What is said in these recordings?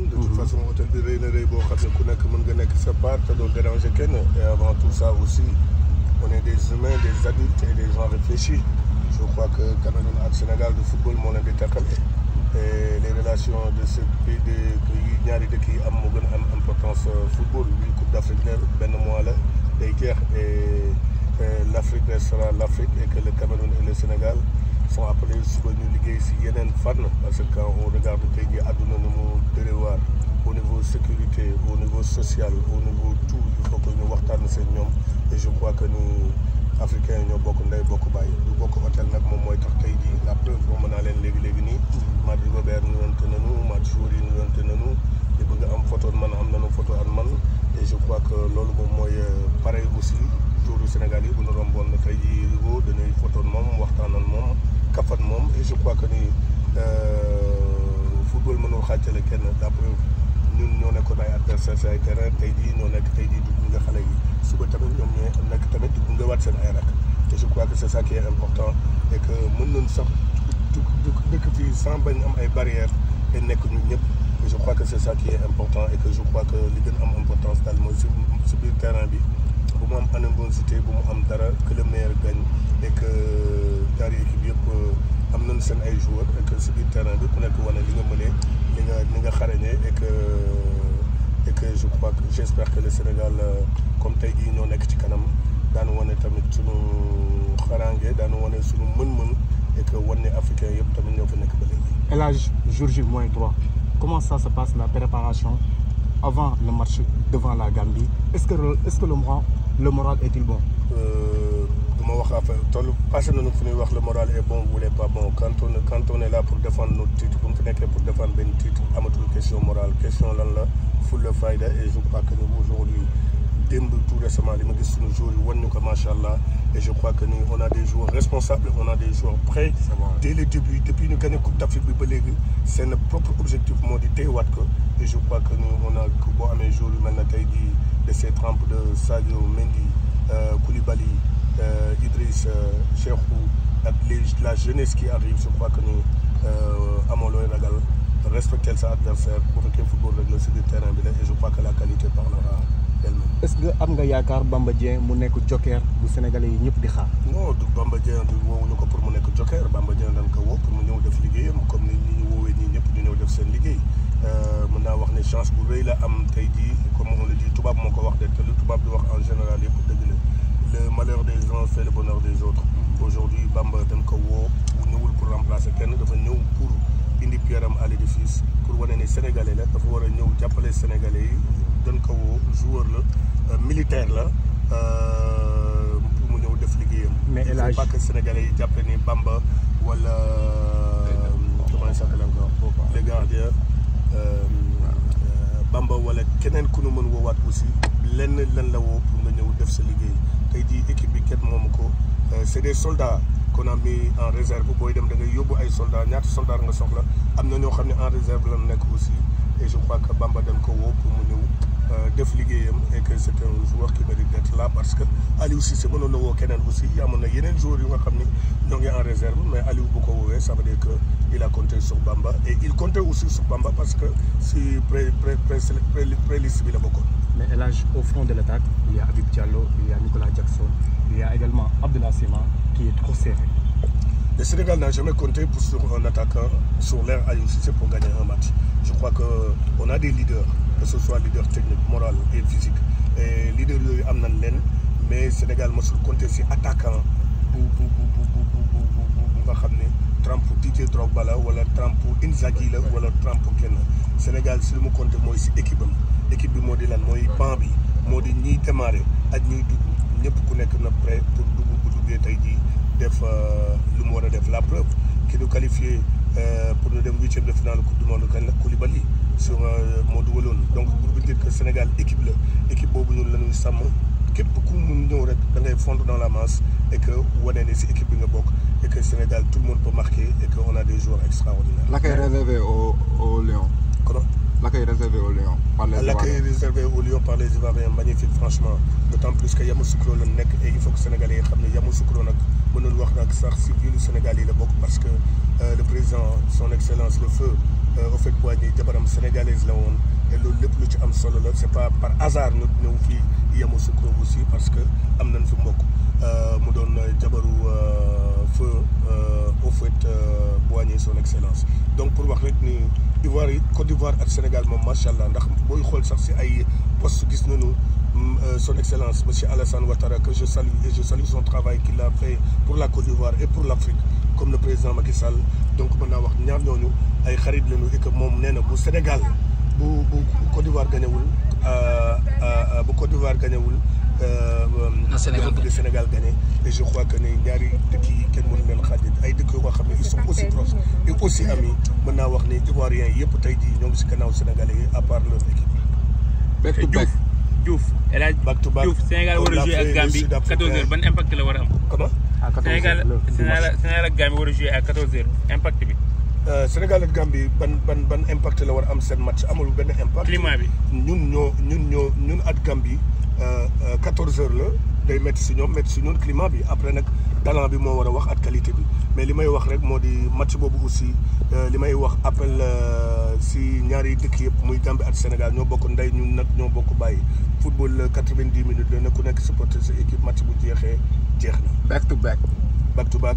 problème de toute mhm. façon hôtel bi rëy boo xam ne ku nekk mën nga nekk sa part te doo déranger kenn avant tout ça aussi on est des humains des adultes et des gens réfléchis je crois que Cameroun ak Sénégal de football moo leen di tàqale et les relations de ce pays de ñaari dëkk yi am moo gën a am importance euh, football bi Coupe d'Afrique la benn mois la l'Afrique et le Cameroun et le Sénégal sont appelés suba ñu liggéey si yeneen fànn parce que quand on regarde tey jii àdduna ni mu dëréwaar au niveau sécurité au niveau social au niveau tout il faut que ñu waxtaan seen ñoom je crois que nous africains ñoo bokk ndey bokk bàyyi lu bokk hôtel nag moom mooy tax tey jii la preuve moom mën naa leen léegi-léegi nii mm. maat Robert nu yonte nanu maat Jory nu yonte nanu sa say tey jii ñoo nekk tey jii di gunge xale yi suba tamit ñoom ñooy tamit di gunge waat seen ay rak te je crois que c'est ça qui est important et que mën nañ sax du dëkk fii bañ am ay barrières te nekk ñun ñëpp et je crois que c'est ça important et que je li gën am importance daal mooy si biir terrain bi bu mu am animosité bu mu am dara que le meilleur gagne et que yëpp euh, am nañ seen ay joueurs et que si bi ku nekk wane li nga mënee li nga li nga bac j'espère que le Sénégal euh, comme tey jii ñoo nekk ci kanam daan wane tamit sunu xaraange daan wane sunu mën-mën et que wane africain yëpp tamit ñoo fa nekk ba léegi. et là jour J moins trois comment ça se passe la préparation avant le match devant la Gambie est-ce que est-ce que le moral le moral est-il bon. Euh, duma wax affaire toll passé nañu fu ñuy wax le moral est bon ou il est pas bon quand on quand on est là pour défendre notre titre bu mu fi nekkee pour défendre benn titre amatul question morale question lan la. fulla fayda et je crois que nous aujourd'hui démb tout récemment li ma gis suñu joueurs yi wan ñu ko macha allah e je crois que ni on a des joueurs responsables on a des joueurs prêts. dès le début depuis ñu gagné coupe d'Afrique bi ba léegi seen propre objectif moo di teewaat ko et je crois que ni on a boo amee joueurs yu mel na tey jii de ces trempes de Sadio Mendy euh, Koulibaly euh, Idriss euh, Cheikhou ak les la jeunesse qui arrive je crois que ni amolo looy ragal. respecter sa adversaire bu fekkee football rek si biir terrain bi la et je crois que qualité parlera d'elle-même. est nga yaakaar Bamba Dieng mu nekk joker bu Sénégalais yi ñëpp di xaar. non du Bamba Dieng du woowuñu ko pour mu nekk joker Bamba Dieng dañ ko woo pour mu ñëw def liggéeyam comme ni ñu woowee ñëpp ñu def seen liggéey euh, mën naa wax ne chance bu rëy la am tey jii comme on le dit tubaab moo ko wax tubaab di wax en général yëpp dëgg la le malheur des uns fait le bonheur des autres. aujourd'hui Bamba dañ ko woo ñëwul pour remplacer kenn dafa ñëw pour. indi pierre am à l'édifice pour wane ni sénégalais la dafa war a ñëw jàppale sénégalais yi doon ko woo la euh, militaire la euh, pour mu ñëw def liggéeyam. mais El Hadj que sénégalais yi jàppe ni Bamba wala. Euh, comment il s'appelle encore keneen ku nu mën woowaat aussi lenn lan la woo pour nga ñëw def sa liggéey tey jii équipe bi kenn moomu ko c'est des soldats. qu'on mi en réserve booy dem da ngay yóbbu ay soldats ñaata soldats nga soxla am na ñoo xam ne en réserve la nekk aussi et je crois que Bamba dañ ko woo pour mu ñëw euh, def liggéeyam et que c'est un joueur qui mérite d'être là parce que Aliou Cissé mënoon na woo keneen aussi amoon na yeneen joueurs yu nga xam ni ñoo ngi en réserve mais Aliou bu ko woowee ça veut dire que il a compté sur Bamba et il comptait aussi sur Bamba parce que si pré pré pré préliste bi la bokkoon. mais Elage au front de l'attaque, il y a Abib Diallo, il y a Nicolas Jackson, il y a également Abdullah Sima qui est trop Le Sénégal n'a jamais compté pour sur un attaquant sur l'air à Youssef pour gagner un match. Je crois qu'on a des leaders, que ce soit leader technique, moral et physique. Et leader yooyu am nañ leen mais Sénégal mosul conte si attaquant bu bu bu bu nga xam ne trempe Didier Drogba la wala trempe Inzaghi la wala trempe kenn Sénégal si lu mu compté mooy si équipe am. équipe bi moo di lan mooy pan bi moo di ñiy démarrer ak ñiy dugg ñëpp ku nekk na prêt pour dugg bu duggee tey jii def euh, lu mu war a def la preuve ki ñu qualifié euh, pour ñu dem huitième de finale coupe du monde kan la Koulibaly sur euh, moo dugaloon donc pour bu njëkk Sénégal équipe la équipe boobu ñun la ñuy sàmm képp ku mun ñëw rek da ngay dans la masse et que wane ne si équipe bi nga bokk et que Sénégal tout le monde peut marquer et que on a des joueurs extraordinaires. la koy l'accueil réservé aux Lions par les Ivoiriens l'accueil réservé aux par les Ivoiriens magnifique franchement d'autant plus que Yamoussoukro la nekk et il faut que sénégalais yi xam ne Yamoussoukro nag mënoon wax nag sax si ville Sénégal yi la bokk parce que euh, le président son excellence le feu Houphouët-Boigny euh, jabaram sénégalaise la woon et loolu lépp lu ci am solo la c'est pas par hasard ñu ñëw fii Yamoussoukro aussi parce que am nañ fi mbokk euh, mu doon jabaru feu Houphouët-Boigny son excellence donc pour wax rek ni. Ivoire yi Côte d'Ivoire ak Sénégal moom macha allah ndax booy xool sax si ay poste gis nañu mm, euh, son excellence monsieur Alassane Ouattara que je salue et je salue son travail qu'il a fait pour la Côte d'Ivoire et pour l'Afrique comme le président Macky Sall donc mën naa wax ñaar ñooñu ay xarit lañu et que moom nee na bu Sénégal bu bu Côte d'Ivoire gañewul euh, euh, bu Côte d'Ivoire gañewul Sénégal gagné Sénégal gagné et je crois que ne ñaari dëkk yi kenn mënu di xaajal ay dëkk yoo xam ne ils sont aussi proches mën naa wax ne Ivoiriens yëpp tey jii ñoo ngi si gannaaw Sénégalais yi à part leur équipe. back to back Diouf El Hadj Diouf Sénégal war a joué ak ban impact la war a am. comment Sénégal Sénégal ak Gambie war a joué à 14 impact bi. Euh, Sénégal ak Gambie ban ban ban impact la war a am seen match amul benn impact. climat bi ñun ñoo ñun ñoo ñun at Gambie 14 euh, euh, heures la day métti si ñoom métti si ñun climat bi après nag talent bi moo war a wax at qualité bi mais li may wax rek moo di match boobu aussi li may wax appel si ñaari dëkk yëpp muy Gambie ak Sénégal ñoo bokk ndey ñun nag ñoo bokk bàyyi football la 90 minutes la ne ku nekk supporter sa équipe match bu jeexee jeex na. back to back. back to back.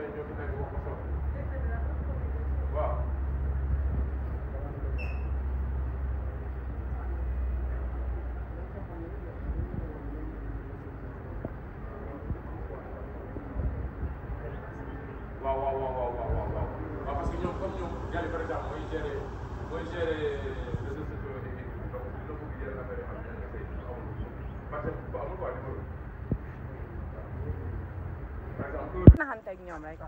xale yi ñoo fi nekk wax ko sol waaw waaw waaw waaw waaw waaw waaw waaw parce que ñoom comme ñoom Jalle par exemple mooy gérer mooy gérer réseaux sociaux yi donc dina bëgg jël affaire yi xam ne parce que bu amul waa numéro naxanteeg ñoom rek.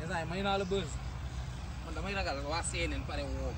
xale may naa la bës man damay ragal waa CNN pare woo